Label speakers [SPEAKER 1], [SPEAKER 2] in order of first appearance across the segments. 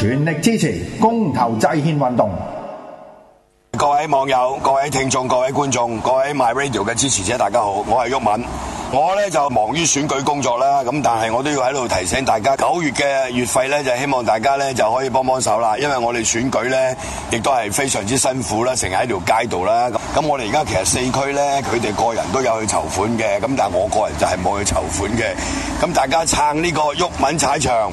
[SPEAKER 1] 全力支持公投制憲運動！各位網友、各位聽眾、各位觀眾、各位 my radio 嘅支持者，大家好，我係毓民，我呢就忙於選舉工作啦，咁但係我都要喺度提醒大家，九月嘅月費呢，就希望大家呢就可以幫幫手啦，因為我哋選舉呢，亦都係非常之辛苦啦，成日喺條街度啦，咁我哋而家其實四區呢，佢哋個人都有去籌款嘅，咁但係我個人就係冇去籌款嘅，咁大家撐呢個毓民踩場。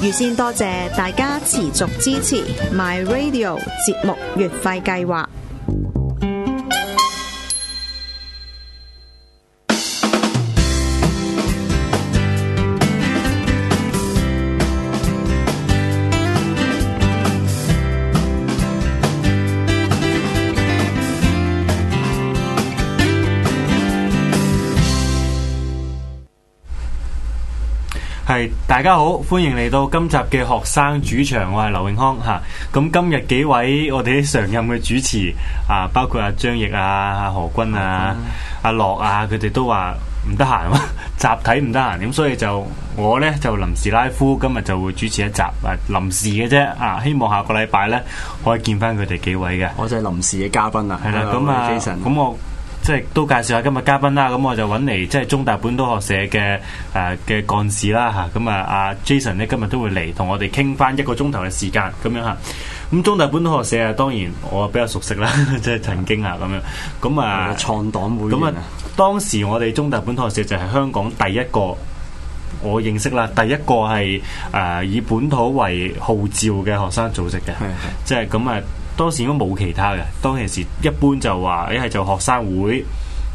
[SPEAKER 2] 預先多謝大家持續支持 My Radio 節目月費計劃。
[SPEAKER 1] 大家好，歡迎嚟到今集嘅學生主場，我係劉穎匡吓。咁、啊、今日幾位我哋常任嘅主持啊，包括阿張毅啊、啊何君啊、阿樂 啊，佢、啊、哋、啊、都話唔得閒，集體唔得閒，咁所以就我呢，就臨時拉夫，今日就會主持一集啊，臨時嘅啫啊，希望下個禮拜呢，可以見翻佢哋幾位嘅。我就係臨時嘅嘉賓對啊，係啦，咁啊，咁、啊、我。啊啊即係都介紹下今日嘉賓啦，咁我就揾嚟即係中大本土學社嘅誒嘅幹事啦嚇，咁啊阿 Jason 呢，今日都會嚟同我哋傾翻一個鐘頭嘅時間咁樣嚇。咁中大本土學社啊，當然我比較熟悉啦，即 係曾經啊咁樣。咁啊創黨會咁啊，當時我哋中大本土學社就係香港第一個我認識啦，第一個係誒以本土為號召嘅學生組織嘅，即係咁啊。當時應該冇其他嘅，當其時一般就話一係做學生會，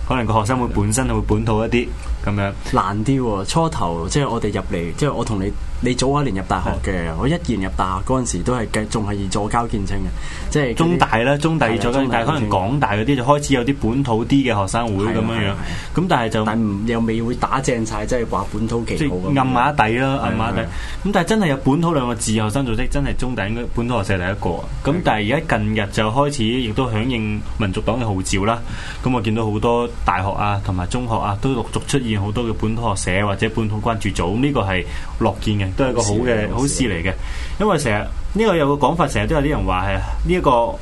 [SPEAKER 1] 可能個
[SPEAKER 2] 學生會本身會本土一啲咁樣。難啲喎、哦，初頭即係、就是、我哋入嚟，即、就、係、是、我同你。你早一年入大學嘅，我一年入大學嗰陣時都係計仲係以左膠見稱嘅，即係中大啦。中大左膠，但可能港大嗰啲就開始有啲本土啲嘅學生會咁樣樣，
[SPEAKER 1] 咁但係就但又未會打正晒，即係話本土旗號暗下底啦，暗下底。咁但係真係有本土兩個字學生組織真係中大應該本土學社第一個啊！咁但係而家近日就開始亦都響應民族黨嘅號召啦，咁我見到好多大學啊同埋中學啊都陸續出現好多嘅本土學社或者本土關注組，呢個係樂見嘅。都係個好嘅好事嚟、啊、嘅，啊、因為成日呢個有個講法，成日都有啲人話係呢一個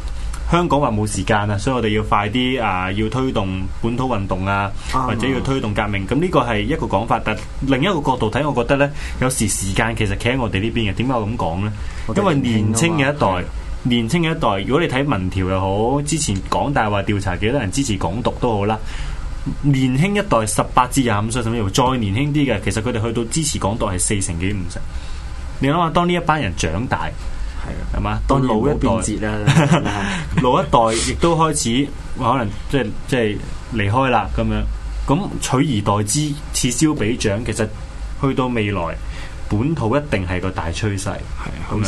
[SPEAKER 1] 香港話冇時間啊，所以我哋要快啲啊，要推動本土運動啊，啊或者要推動革命。咁呢個係一個講法，但另一個角度睇，我覺得呢，有時時間其實企喺我哋呢邊嘅。點解我咁講呢？我們 因為年輕嘅一代，年輕嘅一代，的如果你睇民調又好，之前港大話調查幾多人支持港獨都好啦。年輕一代十八至廿五歲，甚至乎再年輕啲嘅，其實佢哋去到支持港獨係四成幾五成。你諗下，當呢一班人長大，係啊的，係嘛吧？當然冇變節啦。 老一代亦都開始可能即係即係離開啦，咁樣咁取而代之，此消彼長。其實去到未來，本土一定係個大趨勢。係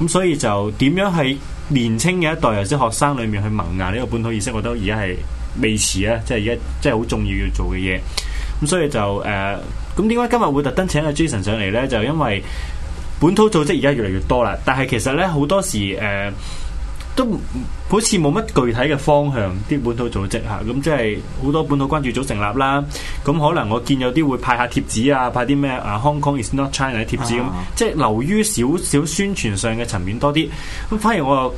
[SPEAKER 1] 咁所以就點樣喺年輕嘅一代，尤其是學生裏面去萌芽呢個本土意識，我都而家係。未遲咧，即係一即係好重要要做嘅嘢，咁所以就誒，咁點解今日會特登請阿 Jason 上嚟咧？就因為本土組織而家越嚟越多啦，但係其實咧好多時誒、呃、都好似冇乜具體嘅方向，啲本土組織嚇，咁即係好多本土關注組成立啦，咁可能我見有啲會派下貼紙啊，派啲咩啊 Hong Kong is not China 嘅貼紙咁，啊、即係流於少少宣傳上嘅層面多啲，咁反而我又。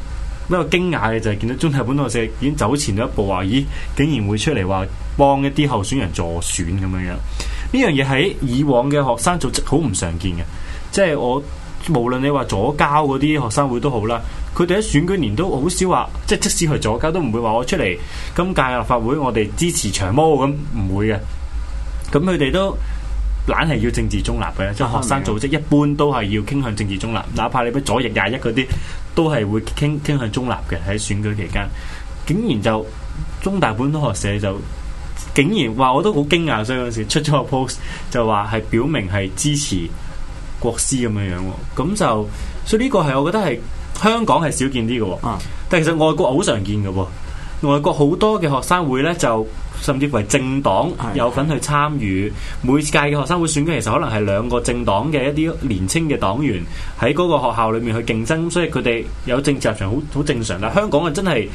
[SPEAKER 1] 比較驚訝嘅就係見到中大本土學社已經走前咗一步，話咦、哎、竟然會出嚟話幫一啲候選人助選咁樣樣。呢樣嘢喺以往嘅學生組織好唔常見嘅，即係我無論你話左膠嗰啲學生會都好啦，佢哋喺選舉年都好少話，即係即使去左膠都唔會話我出嚟今屆立法會我哋支持長毛咁，唔會嘅。咁佢哋都懶係要政治中立嘅，即係學生組織一般都係要傾向政治中立，哪怕你俾左翼廿一嗰啲。都係會傾傾向中立嘅，喺選舉期間，竟然就中大本土學社就竟然話我都好驚訝，所以嗰時出咗個 post 就話係表明係支持國師咁樣樣，咁就所以呢個係我覺得係香港係少見啲嘅，但係其實外國好常見嘅喎，外國好多嘅學生會咧就。甚至乎係政黨有份去參與每屆嘅學生會選舉，其實可能係兩個政黨嘅一啲年青嘅黨員喺嗰個學校裏面去競爭，所以佢哋有政治立場好好正常。但香港嘅真係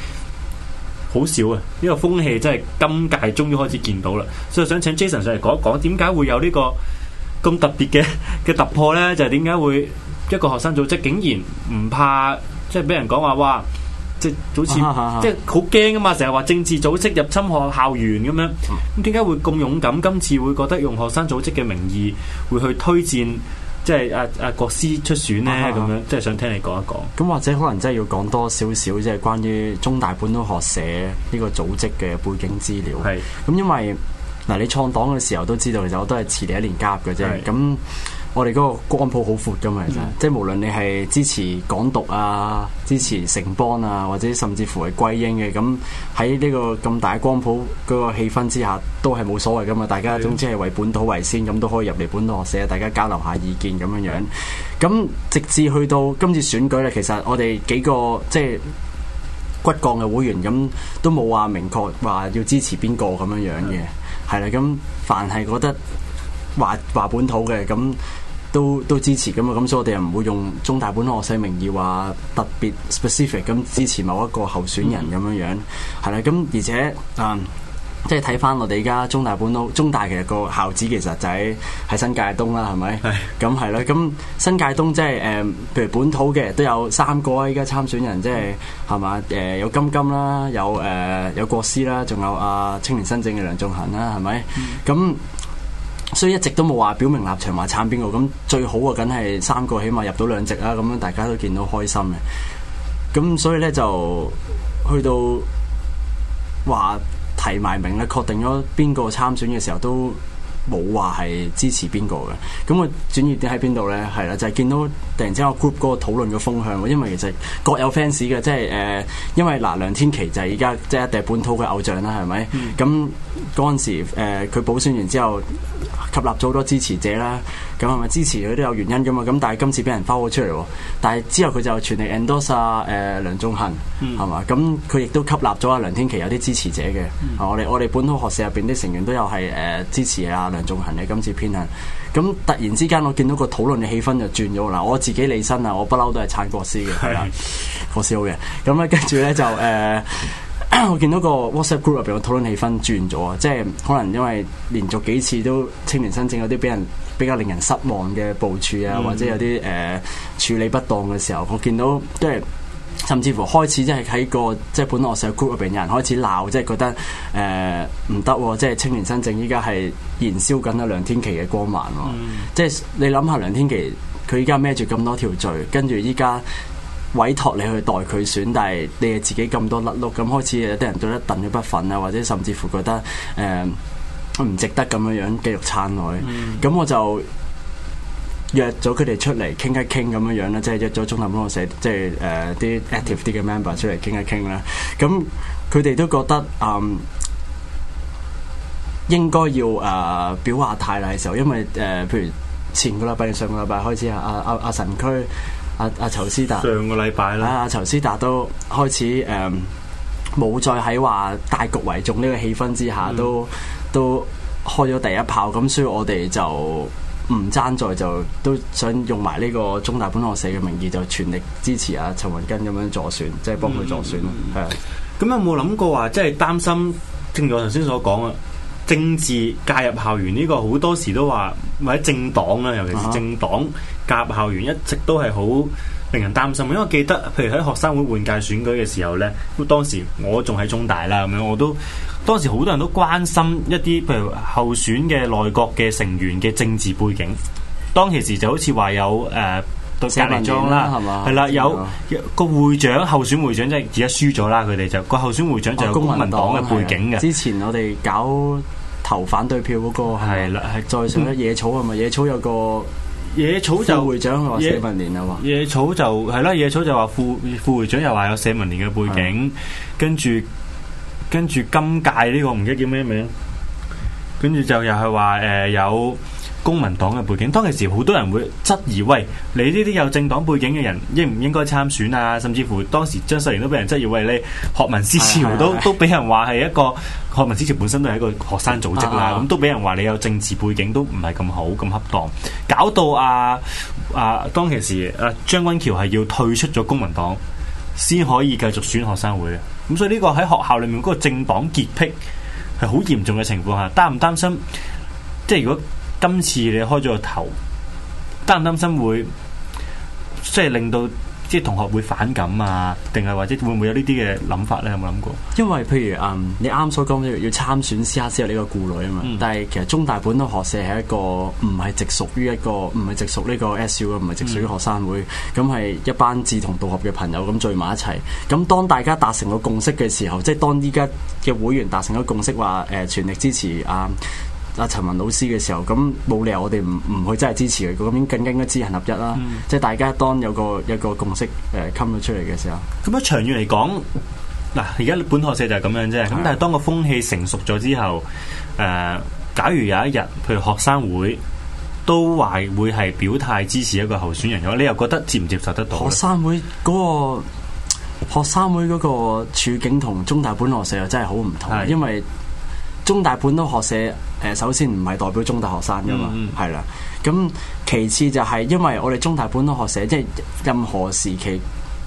[SPEAKER 1] 好少啊！呢個風氣真係今屆終於開始見到啦，所以想請 Jason 上嚟講一講，點解會有呢個咁特別嘅嘅突破呢？就係點解會一個學生組織竟然唔怕即係俾人講話哇？即係好似，即係好驚啊嘛！成日話政治組織入侵學校園咁樣，咁點解會咁勇敢？今次會覺得用學生組織嘅名義，會去推薦，即係阿阿國師出選呢咁樣，
[SPEAKER 2] 即係想聽你講一講。咁或者可能真係要講多少少，即係關於中大本土學社呢個組織嘅背景資料。係咁，因為嗱，你創黨嘅時候都知道，其實我都係遲嚟一年加入嘅啫。咁我哋嗰個光譜好闊噶嘛，其、嗯、即係無論你係支持港獨啊、支持城邦啊，或者甚至乎係歸英嘅，咁喺呢個咁大光譜嗰個氣氛之下，都係冇所謂噶嘛。大家總之係為本土為先，咁都可以入嚟本土學社，大家交流下意見咁樣樣。咁直至去到今次選舉咧，其實我哋幾個即係骨幹嘅會員，咁都冇話明確話要支持邊個咁樣樣嘅，係啦、嗯。咁凡係覺得。話話本土嘅，咁都都支持噶嘛，咁，所以我哋又唔會用中大本土學社名義話特別 specific 咁支持某一個候選人咁樣樣，係啦。咁、嗯、而且啊，即係睇翻我哋而家中大本土中大其實個校址其實就喺喺新界東啦，係咪？咁係啦。咁、啊、新界東即係誒，譬如本土嘅都有三個啊。依家參選人即係係嘛誒，有金金啦，有誒、呃、有國師啦，仲有啊青年新政嘅梁仲恒啦，係咪？咁、嗯所以一直都冇話表明立場，話撐邊個咁最好啊，梗係三個起碼入到兩席啦，咁樣大家都見到開心嘅。咁所以咧就去到話提埋名咧，確定咗邊個參選嘅時候都冇話係支持邊個嘅。咁我轉捩點喺邊度咧？係啦，就係、是、見到突然之間我 group 嗰個討論嘅風向，因為其實各有 fans 嘅，即係誒、呃，因為嗱、呃，梁天琦就係而家即係第本土嘅偶像啦，係咪？咁、嗯。嗰陣時，佢補選完之後，吸納咗好多支持者啦。咁係咪支持佢都有原因㗎嘛？咁但係今次俾人包咗出嚟喎。但係之後佢就全力 endorse 阿誒梁頌恆係嘛？咁佢亦都吸納咗阿梁天琦有啲支持者嘅，我哋我哋本土學社入邊啲成員都有係誒支持阿梁頌恆嘅今次偏向。咁突然之間，我見到個討論嘅氣氛就轉咗啦。我自己利申啊，我不嬲都係撐國師嘅係啦，國師好嘅。咁咧跟住咧就誒。我見到個 WhatsApp group 入邊嘅討論氣氛轉咗啊！即係可能因為連續幾次都青年新政有啲俾人比較令人失望嘅部署啊，嗯、或者有啲誒、呃、處理不當嘅時候，我見到即係甚至乎開始、那個、即係喺個即係本 WhatsApp group 入邊有人開始鬧，即係覺得誒唔得，即係青年新政依家係燃燒緊阿梁天琦嘅光環、啊，嗯、即係你諗下梁天琦佢依家孭住咁多條罪，跟住依家。委託你去代佢選，但係你自己咁多甩碌，咁開始有啲人覺得掟咗筆粉啊，或者甚至乎覺得誒唔、呃、值得咁樣樣繼續撐落去。咁、嗯、我就約咗佢哋出嚟傾一傾咁樣樣咧，即係約咗中本學社，即係誒啲 active 啲嘅 member 出嚟傾一傾啦。咁佢哋都覺得嗯、呃、應該要誒、呃、表下態啦，嘅時候，因為誒、呃、譬如前個禮拜上個禮拜開始啊啊啊神區。阿阿仇斯達上個禮拜啦，阿仇思達都開始誒，冇、um，再喺話大局為重呢個氣氛之下，嗯、都都開咗第一炮咁，所以我哋就唔爭在，就都想用埋呢個中大本學社嘅名義，就全力支持阿陳云根咁樣助選，即係幫佢助選咯，
[SPEAKER 1] 係啊。咁有冇諗過話，即係擔心，正如我頭先所講啊。政治介入校園呢、個好多時都話，或者政黨啦，尤其是政黨夾、啊、校園一直都係好令人擔心。因為我記得，譬如喺學生會換屆選舉嘅時候咧，當時我仲喺中大啦，咁樣我都當時好多人都關心一啲譬如候選嘅內閣嘅成員嘅政治背景。當其時就好似話有誒。呃社民黨啦，係嘛？係啦，有個會長候選會長即係而家輸咗啦。佢哋就個候選會長就有公民黨嘅背景嘅。之
[SPEAKER 2] 前我哋搞投反對票嗰個係啦，係再上咗野草係咪？野草有個野草就會長話社民連啊嘛。
[SPEAKER 1] 野草就係啦，野草就話副副會長又話有社民連嘅背景，跟住跟住今屆呢個唔記得叫咩名，跟住就又係話誒有。公民黨嘅背景，當其時好多人會質疑，喂，你呢啲有政黨背景嘅人應唔應該參選啊？甚至乎當時張秀賢都俾人質疑，喂，你學民思潮都、哎、呀都俾人話係一個、哎、呀學民思潮本身都係一個學生組織啦，咁、哎、呀都俾人話你有政治背景都唔係咁好咁恰當，搞到阿、啊、阿、啊、當其時啊張君橋係要退出咗公民黨，先可以繼續選學生會嘅。咁所以呢個喺學校裏面嗰個政黨潔癖係好嚴重嘅情況下，擔唔擔心？即係如果。今次你開咗個頭，擔唔擔心會即係令到啲同學會反感啊？定係或者會唔會有
[SPEAKER 2] 呢啲嘅諗法咧？有冇諗過？因為譬如嗯，你啱所講要要參選司考先有呢個顧慮啊嘛。嗯、但係其實中大本土學社係一個唔係直屬於一個唔係直屬呢個 S U 嘅，唔係直、直屬於學生會。咁係、嗯、一班志同道合嘅朋友咁聚埋一齊。咁當大家達成個共識嘅時候，即係當依家嘅會員達成個共識，話、呃、誒全力支持啊！嗯嗯阿陳文老師嘅時候，咁冇理由我哋唔唔去真係支持佢，咁樣更加應該知行合一啦，嗯、即係大家當有一個有一個共識誒 come 咗出嚟嘅時候，咁
[SPEAKER 1] 樣、嗯、長遠嚟講，嗱而家本學社就係咁樣啫。咁的但係當個風氣成熟咗之後，誒、呃、假如有一日，譬如學生會都話會係表態支持一個候選人嘅話，你又覺得接唔接受得到學、嗰個？學
[SPEAKER 2] 生會嗰個學生會嗰個處境同中大本學社又真係好唔同，的的因為。中大本土學社誒、呃，首先唔係代表中大學生噶嘛，係啦、嗯。咁其次就係因為我哋中大本土學社，即、就、係、是、任何時期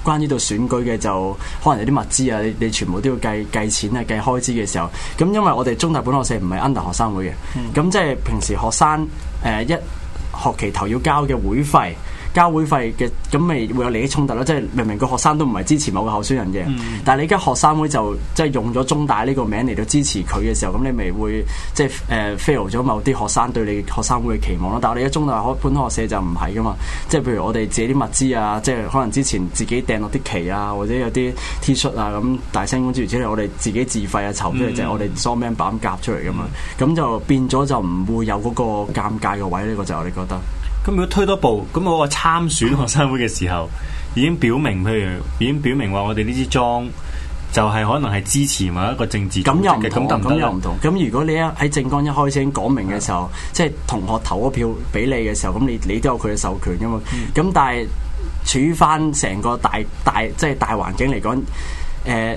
[SPEAKER 2] 關於到選舉嘅，就可能有啲物資啊，你你全部都要計計錢啊，計開支嘅時候。咁因為我哋中大本土學社唔係 under 學生會嘅，咁即係平時學生誒、呃、一學期頭要交嘅會費。交會費嘅咁咪會有利益衝突咯，即係明明個學生都唔係支持某個候選人嘅，嗯、但係你而家學生會就即係用咗中大呢個名嚟到支持佢嘅時候，咁你咪會即係誒、uh, fail 咗某啲學生對你學生會嘅期望咯。但係我哋而家中大本土學社就唔係噶嘛，即係譬如我哋借啲物資啊，即係可能之前自己掟落啲旗啊，或者有啲 T 恤啊咁，大聲公諸如此類，而且我哋自己自費啊，籌翻嚟就係我哋 m 雙面板夾出嚟咁嘛。咁、嗯、就變咗就唔會有嗰個尷尬嘅位呢、呢個就我哋覺得。咁如果推多步，咁
[SPEAKER 1] 我話參選學生會嘅時候，已經表明，譬如已經表明話，我哋呢支裝就係可能係支持某一個政治組織嘅。咁又唔同，咁又唔同。
[SPEAKER 2] 咁如果你一喺政綱一開聲講明嘅時候，的即係同學投咗票俾你嘅時候，咁你你都有佢嘅授權噶嘛？咁、嗯、但係處翻成個大大即係、就是、大環境嚟講，誒、呃。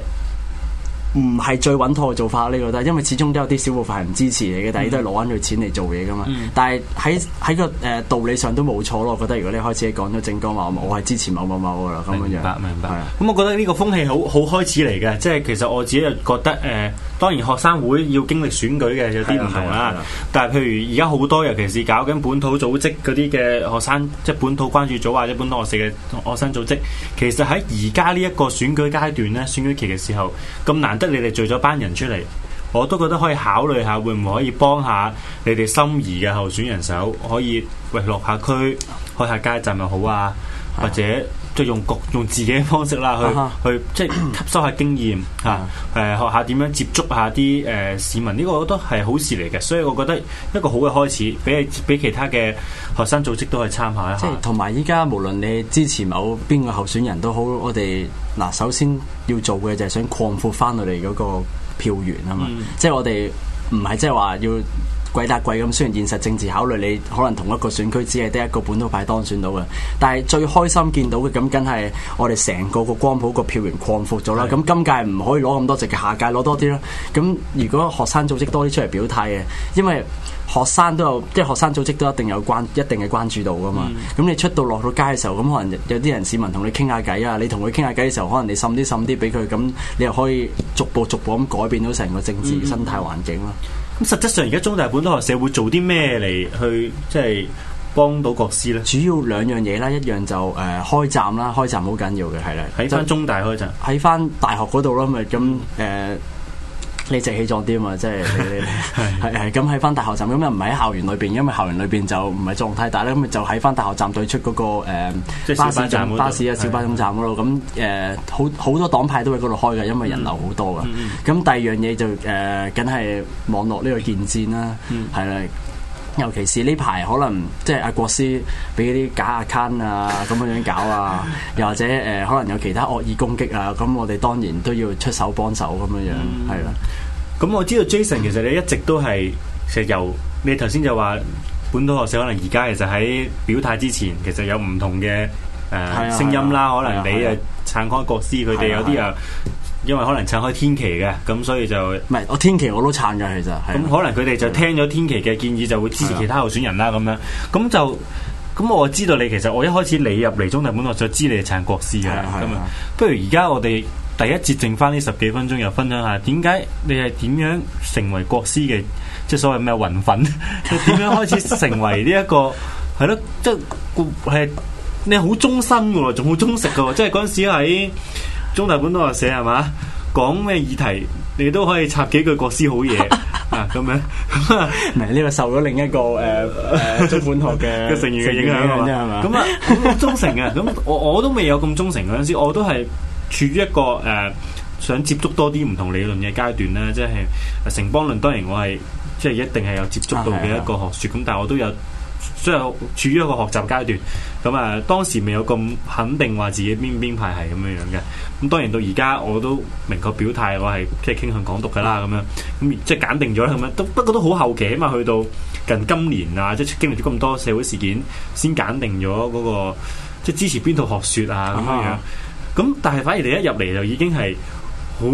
[SPEAKER 2] 唔係最穩妥嘅做法，呢個都，因為始終都有啲小部分係唔支持你嘅，但你都係攞返佢錢嚟做嘢㗎嘛。嗯、但係喺喺個誒道理上都冇錯咯。我覺得如果你開始講咗政綱話我係支持某某某㗎啦。咁白樣樣明白，明白。咁我覺得呢個風氣好好
[SPEAKER 1] 開始嚟嘅，即係其實我自己又覺得誒。呃當然學生會要經歷選舉嘅有啲唔同啦，啊啊啊、但係譬如而家好多尤其是搞緊本土組織嗰啲嘅學生，即係本土關注組或者本土學社嘅學生組織，其實喺而家呢一個選舉階段咧，選舉期嘅時候，咁難得你哋聚咗班人出嚟，我都覺得可以考慮下，會唔會可以幫下你哋心儀嘅候選人手，可以喂落下區開下街站又好啊，或者。就用局用自己嘅方式啦，去去即係吸收下經驗嚇，誒、啊、哈學下點樣接觸下啲誒市民，呢個我都係好事嚟
[SPEAKER 2] 嘅，所以我覺得一個好嘅開始，俾俾其他嘅學生組織都去參考一下。即係同埋依家無論你支持某邊個候選人都好，我哋嗱首先要做嘅就係想擴闊翻落嚟嗰個票源啊嘛、嗯，即係我哋唔係即係話要。鬼打鬼咁，雖然現實政治考慮你，你可能同一個選區只係得一個本土派當選到嘅，但係最開心見到嘅咁梗係我哋成個個光譜個票源擴闊咗啦。咁是的 今屆唔可以攞咁多席，下屆攞多啲啦。咁如果學生組織多啲出嚟表態嘅，因為學生都有即係學生組織都一定有關一定嘅關注度噶嘛。咁、嗯、你出到落到街嘅時候，咁可能有啲人市民同你傾下偈啊。你同佢傾下偈嘅時候，可能你滲啲滲啲俾佢，咁你又可以逐步逐步咁改變到成個政治生態環境咯。嗯嗯。咁實際上而家中大本土學社會做啲咩嚟去即係、就是，幫到國師咧？主要兩樣嘢啦，一樣就誒開站啦，開站好緊要嘅係啦，喺翻中大開站，喺翻大學嗰度咯，咪咁誒。呃你直氣壯啲啊嘛，即係系係咁喺翻大學站，咁又唔係喺校園裏邊，因為校園裏邊就唔係作用太大咧，咁就喺翻大學站對出嗰、那個誒、呃、巴、巴士站、的巴士啊、小巴總站嗰度，咁誒、呃、好好多黨派都喺嗰度開嘅，因為人流好多啊。咁、嗯嗯嗯嗯、第二樣嘢就誒，梗、呃、係網絡呢個建戰啦，係啦、嗯嗯。尤其是呢排可能即係阿國師俾啲假 account 啊咁樣樣搞啊，又或者誒可能有其他惡意攻擊啊，咁我哋當然都要出手幫手咁樣樣，係啦。咁我知道 Jason 其實你一直都係，其
[SPEAKER 1] 實由你頭先就話本土學社可能而家其實喺表態之前，其實有唔同嘅誒聲音啦，可能你啊撐開國師佢哋，有啲又。因為可能撐開天琦嘅，咁所以就唔係我天琦我都撐㗎，其實咁、就是、可能佢哋就聽咗天琦嘅建議，就會支持其他候選人啦咁是的 樣。咁就咁我知道你其實我一開始入你入嚟中大本我就知你係撐國師嘅咁啊。不如而家我哋第一節剩翻呢十幾分鐘，又分享下點解你係點樣成為國師嘅，即係所謂咩雲粉？ 你點樣開始成為呢、這、一個係咯、就是？即係你好忠心㗎喎，仲好忠實㗎喎，即係嗰陣時喺。中大本都話寫係嘛，講咩議題你都可以插幾句國師好嘢 啊，咁樣，
[SPEAKER 2] 唔係呢個受咗另一個誒誒、呃呃、中本學嘅成員嘅影響係嘛，咁啊
[SPEAKER 1] 忠誠嘅，咁我我都未有咁忠誠嗰陣時，我都係處於一個誒、呃、想接觸多啲唔同理論嘅階段啦。即係城邦論當然我係即係一定係有接觸到嘅一個學說，咁、啊、但係我都有。即係處於一個學習階段，咁啊，當時未有咁肯定話自己邊邊派系咁樣樣嘅。咁當然到而家我都明確表態，我係即係傾向港獨噶啦，咁樣咁即係揀定咗啦，咁樣都不過都好後期啊嘛，去到近今年啊，即係經歷咗咁多社會事件，先揀定咗嗰個即係支持邊套學說啊咁樣樣。咁但係反而你一入嚟就已經係好。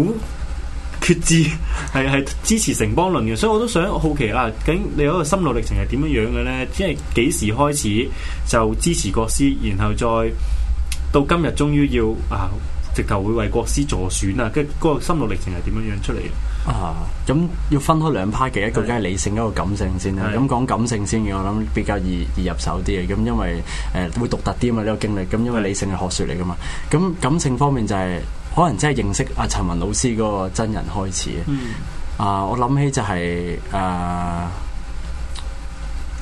[SPEAKER 1] 決志係係支持城邦論嘅，所以我都想好奇啦、啊，究竟你嗰個心路歷程係點樣樣嘅咧？即係幾時開始就支持國師，然後再到今日終於要啊，直頭會為國師助選啊！嗱、
[SPEAKER 2] 那、嗰個心路歷程係點樣樣出嚟啊？咁要分開兩派嘅，一個梗係理性，是的 一個感性先啦。咁是的 講感性先嘅，我諗比較易易入手啲嘅。咁因為誒、呃、會獨特啲啊嘛呢、這個經歷。咁因為理性係學説嚟噶嘛。咁感性方面就係、是。可能真係認識阿陳雲老師嗰個真人開始嘅。啊、嗯呃，我諗起就係誒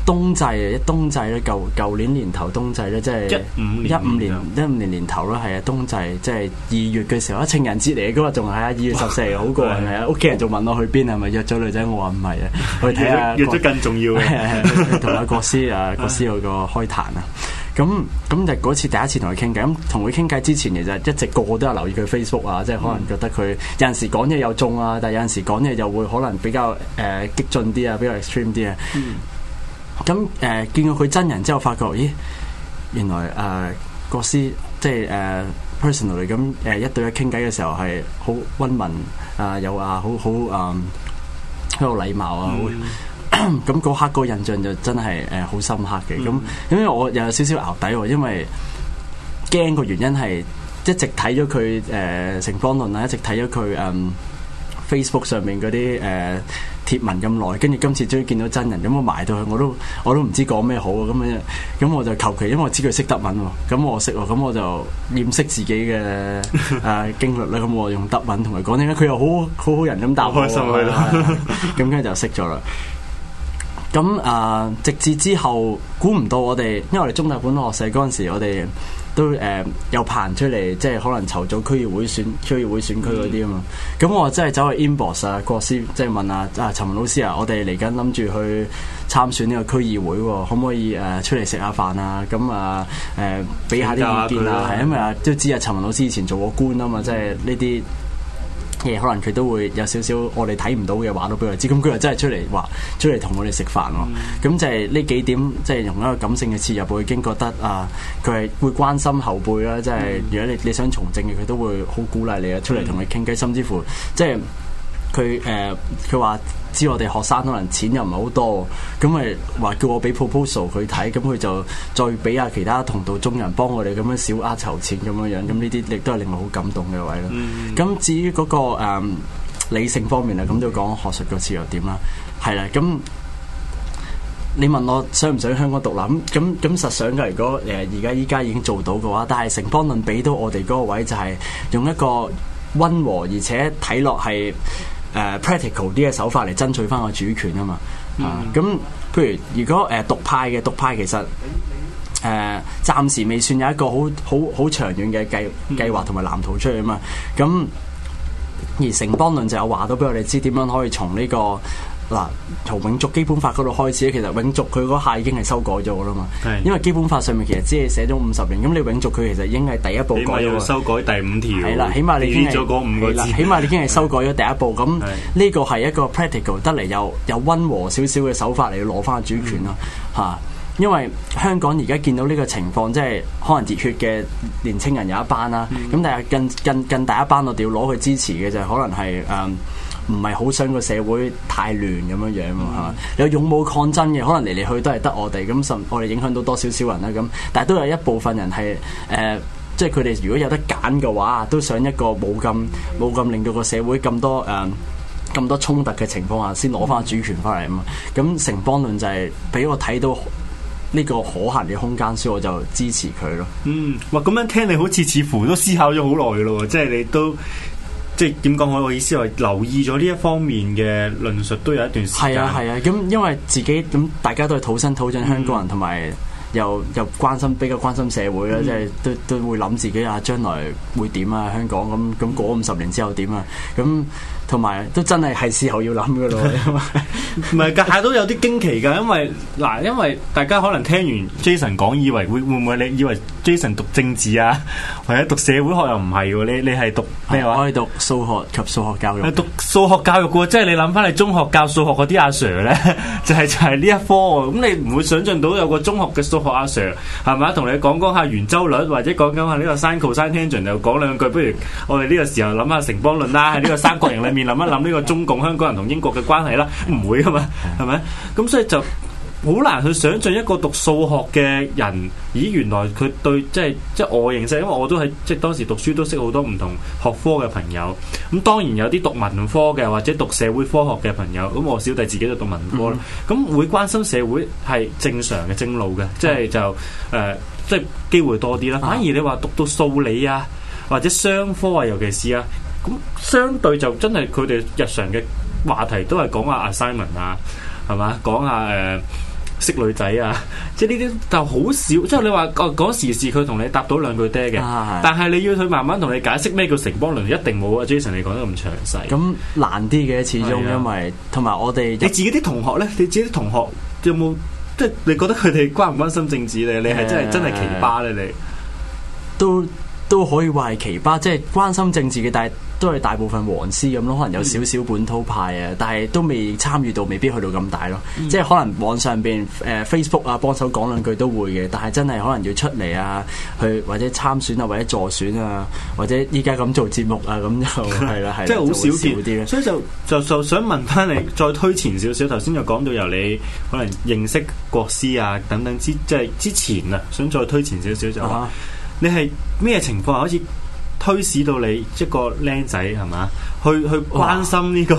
[SPEAKER 2] 冬祭啊，冬祭咧舊舊年年頭冬祭咧，即係一五年一五年年,年年頭啦，係啊，冬祭即係二月嘅時候啊，情人節嚟噶嘛，仲係啊二月十四好過係咪啊？屋企人仲問我去邊啊？係咪約咗女仔，我話唔係啊， 去睇下看約咗更重要嘅同阿國師啊，國師有個開壇啊。 咁咁就嗰次第一次同佢傾偈，咁同佢傾偈之前其實一直個個都有留意佢 Facebook 啊，即係可能覺得佢有陣時講嘢有中啊，但係有陣時講嘢又會可能比較誒、呃、激進啲啊，比較 extreme 啲啊。咁誒、嗯呃、見過佢真人之後，發覺咦原來誒國師即係誒 personally，咁、呃、誒、呃、一對佢傾偈嘅時候係好溫文啊、呃，有啊好好啊，好、嗯、禮貌啊。咁嗰刻個印象就真係誒好深刻嘅。咁因為我又有少少淆底，因為驚個原因係一直睇咗佢誒《城邦論》啊，一直睇咗佢嗯 Facebook 上面嗰啲誒貼文咁耐，跟住今次終於見到真人，咁我埋到去，我都我都唔知講咩好。咁樣咁我就求其，因為我知佢識德文，咁我識，咁我就掩飾自己嘅誒經歷咧。咁我用德文同佢講咧，佢又好好好人咁打開心去啦。咁跟住就識咗啦。咁啊！直至之後，估唔到我哋，因為我哋中大本土學社嗰陣時，我哋都誒、呃、又爬出嚟，即係可能籌組區，區議會選區議會選區嗰啲啊嘛。咁、嗯、我真係走去 inbox、就是、啊，國師即係問啊啊陳雲老師啊，我哋嚟緊諗住去參選呢個區議會，可唔可以誒、呃、出嚟食下飯啊？咁啊誒俾下啲意見啊，係、呃啊、因為啊都知啊陳雲老師以前做過官啊嘛，即係呢啲。嘢可能佢都會有少少我哋睇唔到嘅話都俾佢知，咁佢又真係出嚟話出嚟同我哋食飯喎，咁，嗯，就係呢幾點，即係用一個感性嘅切入，我已經覺得啊，佢係會關心後輩啦，即係如果你你想從政嘅，佢都會好鼓勵你啊，出嚟同佢傾偈，甚至乎即係佢誒佢話，就是 知我哋學生可能錢又唔係好多，咁咪話叫我俾 proposal 佢睇，咁佢就再俾下其他同道中人幫我哋咁樣小額籌錢咁樣這樣，咁呢啲亦都係令我好感動嘅位咯。咁、嗯、至於嗰、嗰個、嗯、理性方面啊，咁都要講學術個切入點啦，係啦。咁你問我想唔想香港獨立咁咁咁實想嘅，如果誒而家依家已經做到嘅話，但係城邦論俾到我哋嗰個位就係用一個溫和而且睇落係。誒、uh, practical 啲嘅手法嚟爭取翻個主權啊嘛，咁、uh, mm hmm. 譬如如果誒、uh, 獨派嘅獨派其實誒、uh, 暫時未算有一個好好好長遠嘅計計劃同埋藍圖出去啊嘛，咁、uh, 而城邦論就有話到俾我哋知點樣可以從呢、這個。嗱，從永續基本法嗰度開始，其實永續佢嗰下已經係修改咗㗎喇嘛，是的 因為基本法上面其實只係寫咗五十年，咁你永續佢其實已經係第一步改，修
[SPEAKER 1] 改第五條，係啦，起碼你編咗嗰五個字，起
[SPEAKER 2] 碼你已經係修改咗第一步，咁呢是的 個係一個 practical 得嚟又又溫和少少嘅手法嚟攞翻主權咯，嚇，因為香港而家見到呢個情況，即係可能熱血嘅年青人有一班啦，咁、嗯嗯、但係更更更大一班我哋要攞去支持嘅就係、可能係誒。嗯唔係好想個社會太亂咁樣樣啊。有勇武抗爭嘅，可能嚟嚟去都係得我哋，咁什我哋影響到多少少人啦。咁，但係都有一部分人係誒，即係佢哋如果有得揀嘅話都想一個冇咁冇咁令到個社會咁多誒咁、呃、多衝突嘅情況下，先攞翻主權翻嚟啊。咁城邦論就係、是、俾我睇到呢個可行嘅空間，所以我就支持佢咯。嗯，哇！咁樣聽你好似似乎都思考咗好耐咯，即、就、係、是、你都。即係點講？我個意思係留意咗呢一方面嘅論述，都有一段時間。係啊係啊，咁、啊、因為自己咁大家都係土生土長香港人，同埋又又關心比較關心社會啦，嗯、即係都都會諗自己啊將來會點啊，香港咁咁過五十年之後點啊？咁。同埋都真係係時候要諗噶咯，唔係架下都
[SPEAKER 1] 有啲驚奇噶，因為嗱，因為大家可能聽完 Jason 講，以為會會唔會你以為 Jason 讀政治啊，或者讀社會學，學又唔係，你你係讀咩話、啊？可以、啊、讀數學及數學教育。係讀數學教育喎， 即係你諗翻你中學教數學嗰啲阿 Sir 咧，就係、是、就係、是、呢一科、哦，咁你唔會想象到有個中學嘅數學阿 Sir 係咪？同你講講下圓周率，或者講講下呢個 sin cosine tangent 又講兩句，不如我哋呢個時候諗下城邦論啦，喺呢個三角形裏 面諗一諗呢個中共香港人同英國嘅關係啦，唔會啊嘛，係咪？咁所以就好難去想象一個讀數學嘅人，咦？原來佢對即係即係我認識，因為我都喺即係當時讀書都識好多唔同學科嘅朋友。咁當然有啲讀文科嘅或者讀社會科學嘅朋友。咁我小弟自己就讀文科啦，咁會關心社會係正常嘅正路嘅，即係就誒，即係機會多啲啦。反而你話讀到數理啊，或者商科啊，尤其是啊。咁相對就真係佢哋日常嘅話題都係講下 assignment 啊，係嘛？講下誒、呃、識女仔啊，即係呢啲就好少。即係你話講時事，佢同你答到兩句爹嘅，啊、但係你要佢慢慢同你解釋咩叫城邦論，一定冇阿 Jason 你講得咁詳細。咁難啲嘅，始終、啊、因為同埋我哋你自己啲同學咧，你自己
[SPEAKER 2] 啲同學有冇即係你覺得佢哋關唔關心政治咧？你係真係、啊、真係奇葩咧、啊？你都。都可以話係奇葩，即係關心政治嘅，但係都係大部分黃絲咁咯。可能有少少本土派啊，但係都未參與到，未必去到咁大咯。嗯、即係可能網上邊誒、呃、Facebook 啊，幫手講兩句都會嘅，但係真係可能要出嚟啊，去或者參選啊，或者助選啊，或者依家咁做節目啊，咁就係啦，係啦、 啊，即係好少
[SPEAKER 1] 啲咧。 所以就就，就，就想問翻你，再推前少少，頭先就講到由你可能認識國師啊等等之，即係之前啊，想再推前少少就。Uh huh. 你係咩情況？好似推使到你一個靚仔，係嘛？
[SPEAKER 2] 去去關心呢個，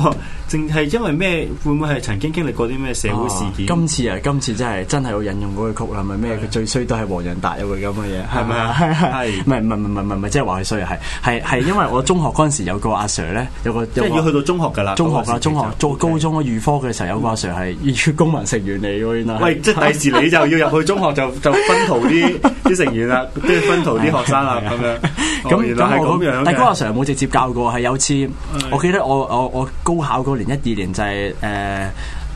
[SPEAKER 2] 淨係因為咩？會唔會係曾經經歷過啲咩社會事件？今次啊，今次真係真係有引用嗰句曲啦，咪咩？佢最衰都係黃仁達嘅咁嘅嘢，係咪啊？係係係，唔係唔唔唔唔唔，即係話佢衰係係係，因為我中學嗰陣時有個阿 sir 咧，有個即係要去到中學噶啦，中學啦，中學做高中啊預科嘅時候有個阿 sir 係熱血公民成員嚟喂，即係第時你就要
[SPEAKER 1] 入去中學就就分組啲
[SPEAKER 2] 啲成員啦，即係分組啲學生啦咁樣。咁原來係咁樣，但係嗰個阿 sir 冇直接教過，係有次。我記得我我我高考嗰年，一二年就係誒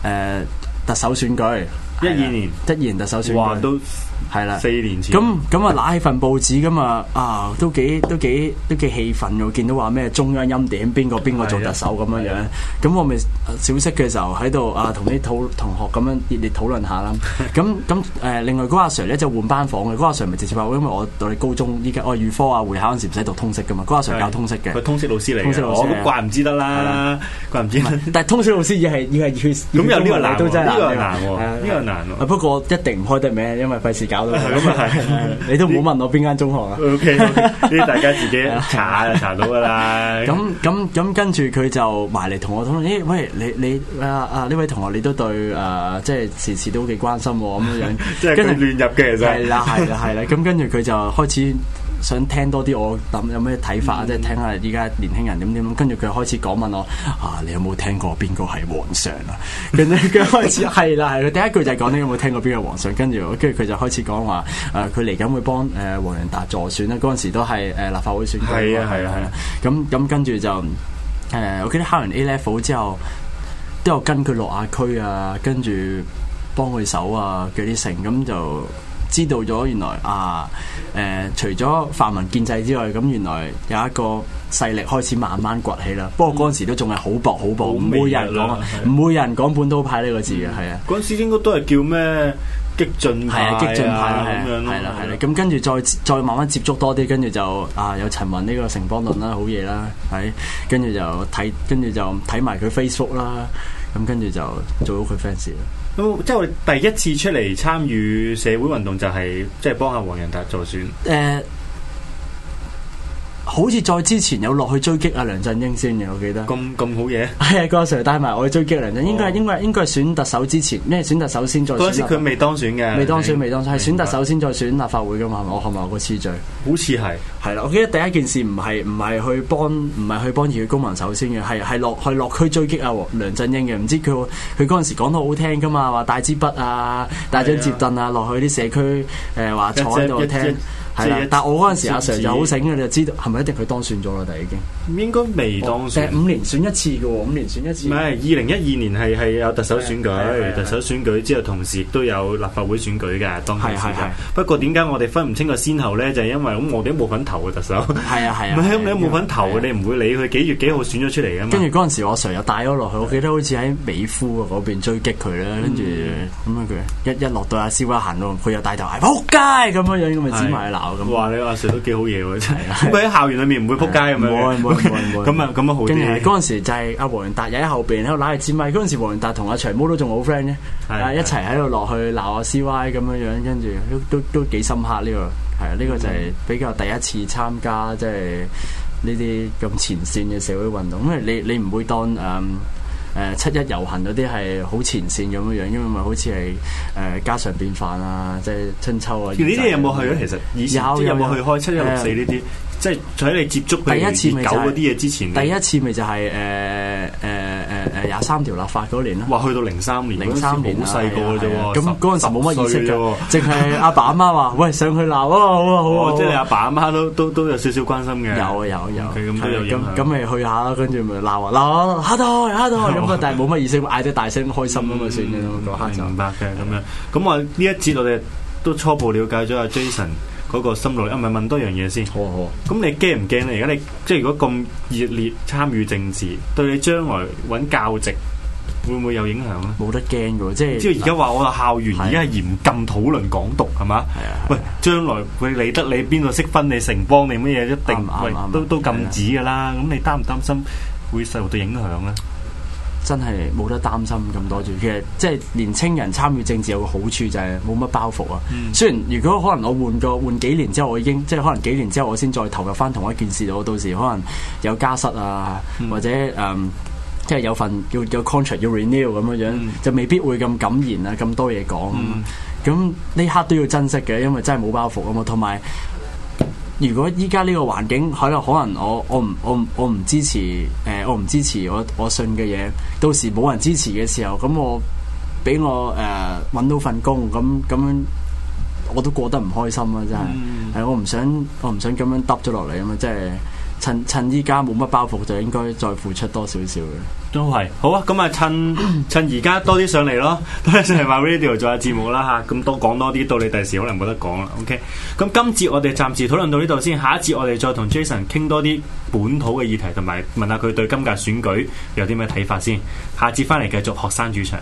[SPEAKER 2] 誒特首選舉，一二年一二、啊、年特首選舉。係啦，四年前。咁咁啊，揦起份報紙嘛，咁啊啊，都幾都幾都幾氣憤㗎！我見到話咩中央欽點，邊個邊個做特首咁樣呀呀樣。咁、嗯、呀我咪小息嘅時候喺度啊，同啲討同學咁樣熱烈討論下啦。咁咁誒，另外嗰阿 sir 咧就換班房嘅，阿 sir 咪直接話，因為我讀你高中依家我預科啊，會考嗰陣時唔使讀通識㗎嘛，嗰阿 sir 教通識嘅。通識老師嚟。通識老師、哦、我都怪唔知得啦，啊、怪唔知得。嗯、得 但係通識老師要係要係要。咁有呢個難，呢個難呢個難喎。不過一定唔開得咩，因為費事。搞到咁啊！係， 你都冇問我邊間中學啊？O K，呢啲大家自己查就 查到噶啦。 咁咁咁，跟住佢就埋嚟同我討論：咦、欸，喂，你你啊啊呢位同學，你都對誒、啊，即係時時都幾關心咁樣樣。 即係跟住亂
[SPEAKER 1] 入嘅，其實係啦係啦係啦。
[SPEAKER 2] 咁跟住佢就開始。想聽多啲我諗有咩睇法啊，嗯、即係聽下依家年輕人點點。跟住佢開始講問我啊，你有冇聽過邊個係皇上啊？跟住佢開始係啦，係啦。第一句就係講你有冇聽過邊個皇上。跟住跟住佢就開始講話，誒佢嚟緊會幫誒黃仁達助選啦。嗰陣時都係誒、呃、立法會選舉啊，係啊係啊係啊。咁咁跟住就誒、呃，我記得考完 A level 之後，都有跟佢落下區啊，跟住幫佢手啊，舉啲勝咁就。嗯嗯嗯嗯嗯嗯知道咗原來啊，誒，除咗泛民建制之外，咁原來有一個勢力開始慢慢崛起啦。不過嗰陣時都仲係好薄好薄，唔會有人講，唔會有人講本土派呢個字嘅，係啊。嗰陣時應該都係叫咩激進？係啊，激進派啦，咁啦，咁跟住再再慢慢接觸多啲，跟住就啊，有陳雲呢個城邦論啦，好嘢啦，係。跟住就睇，跟住就睇埋佢 Facebook 啦，咁跟住就做咗佢 fans 啦。咁即係我哋第一次出嚟參與社會運動，就係即係幫下黃仁達做選。Uh 好似再之前有落去追擊阿梁振英先嘅，我記得咁咁好嘢。係啊、 嗯，嗰陣時帶埋我去追擊梁振英，應該係應該應該係選特首之前咩？選特首先再，選首先再選。嗰陣時佢
[SPEAKER 1] 未當選嘅，未當選未
[SPEAKER 2] 當選，係選，選特首先再選立法會噶嘛？我看埋我次序，好似係係啦。我記得第一件事唔係唔係去幫唔係去幫二月公民首先嘅，係係落去落區追擊阿梁振英嘅。唔知佢佢嗰陣時講得好聽噶嘛？話帶支筆啊，帶張摺凳啊，落的去啲社區誒，話、呃、坐喺度聽。係啦，但我嗰陣時阿 Sir 有醒嘅，你就知道係咪一定佢當選咗啦？但已經應該未當選。成五年選一次嘅喎，五年選一次。唔
[SPEAKER 1] 係二零一二年係係有特首選舉，特首選舉之後同時都有立法會選舉嘅。係係係。不過點解我哋分唔清個先後咧？就係因為咁我哋都冇份投嘅特首。係啊係啊。唔係咁你都冇份投嘅，你唔會理佢幾月幾號選咗出嚟啊嘛？跟住嗰
[SPEAKER 2] 陣時我阿 Sir 又帶咗落去，我記得好似喺美孚嗰邊追擊佢啦。跟住咁啊佢一一落到阿蕭一恒度，佢又帶頭挨仆街咁樣樣，咪知埋啦。
[SPEAKER 1] 哇！你話食都幾好嘢喎，一齊喺校園裡面唔會撲街咁樣，咁啊咁啊好啲。嗰陣
[SPEAKER 2] 時就係阿黃仁達喺後邊喺度拉住志偉，嗰陣時黃仁達同阿長毛都仲好 friend 嘅，係一齊喺度落去鬧阿 CY 咁樣樣，跟住都都都幾深刻呢個係啊！呢個就係比較第一次參加即係呢啲咁前線嘅社會運動，因為你你唔會當誒。誒、呃、七一遊行嗰啲係好前線咁樣樣，因為咪好似係誒家常便飯啊，即係春秋啊。呢啲有冇去啊？其實以前有冇去開七一六四呢啲？呃、即係喺你接觸第一次、就係，嗰啲嘢之前，第一次咪就係誒誒。呃呃廿三條立法嗰年咯，哇！去到零三年，零三年好細個嘅啫喎，咁嗰陣時冇乜意識嘅，淨係阿爸阿媽話：喂，上去鬧啊，好啊，好啊，即係你阿爸阿媽都都都有少少關心嘅。有啊有啊有，係咁都有影響。咁咪去下啦，跟住咪鬧啊鬧，下台，下台。咁啊，但係冇乜意識，嗌啲大聲開心咁啊先咯，黑白嘅咁樣。咁我呢一節我哋都初步了解咗阿 Jason。嗰個
[SPEAKER 1] 心路，係咪問多樣嘢先。好好。咁你驚唔驚咧？而家你即係如果咁熱烈參與政治，對你將來揾教職會唔會有影響咧？冇得驚嘅，即係即係而家話我校園而家係嚴禁討論港獨係嘛？係啊。啊喂，將來會理得你邊度識分你城邦你乜嘢一定、啊啊、喂都都禁止㗎啦。咁、啊、你擔唔擔心
[SPEAKER 2] 會受到影響咧？真係冇得擔心咁多住，其實即係年青人參與政治有個好處就係冇乜包袱啊。嗯、雖然如果可能我換個換幾年之後，我已經即係可能幾年之後我先再投入翻同一件事，我到時可能有家室啊，嗯、或者誒，um, 即係有份要 cont 要 contract 要 renew 咁樣樣，嗯、就未必會咁敢言啊，咁多嘢講。咁呢、嗯、刻都要珍惜嘅，因為真係冇包袱啊嘛。同埋。如果依家呢個環境喺度，可能我我唔我我唔支持誒、呃，我唔支持我我信嘅嘢，到時冇人支持嘅時候，咁我俾我誒呃、揾到份工，咁咁樣，樣我都過得唔開心啊！真係，係、嗯呃、我唔想我唔想咁樣耷咗落嚟，呀嘛，即係。趁趁依家冇乜包袱，就應該再付出多少少嘅。
[SPEAKER 1] 都係好啊，咁啊趁趁而家多啲上嚟咯，多啲上嚟話 Radio 做下節目啦嚇。咁多講多啲，到你第時可能冇得講啦。OK，咁今節我哋暫時討論到呢度先，下一節我哋再同 Jason 傾多啲本土嘅議題，同埋問下佢對今屆選舉有啲咩睇法先。下一節翻嚟繼續學生主場。